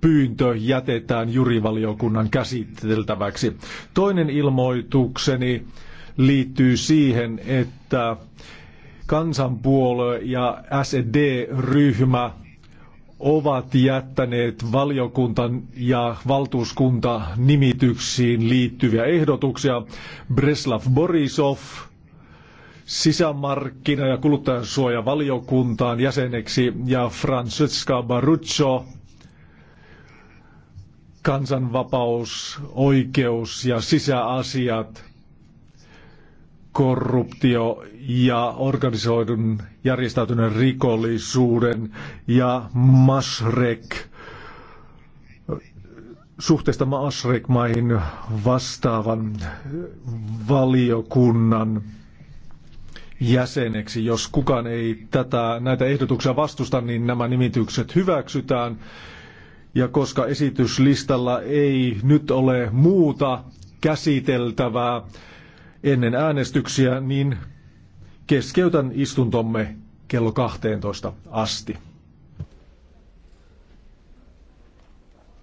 pyyntö jätetään jurivaliokunnan käsiteltäväksi. Toinen ilmoitukseni liittyy siihen, että kansanpuolue ja SED-ryhmä ovat jättäneet valiokuntan ja valtuuskunta nimityksiin liittyviä ehdotuksia. Breslav Borisov sisämarkkina- ja kuluttajansuojavaliokuntaan jäseneksi ja Francesca Baruccio kansanvapaus, oikeus ja sisäasiat, korruptio ja organisoidun järjestäytyneen rikollisuuden ja masrek suhteesta masrek-maihin vastaavan valiokunnan jäseneksi. Jos kukaan ei tätä, näitä ehdotuksia vastusta, niin nämä nimitykset hyväksytään. Ja koska esityslistalla ei nyt ole muuta käsiteltävää ennen äänestyksiä, niin keskeytän istuntomme kello 12 asti.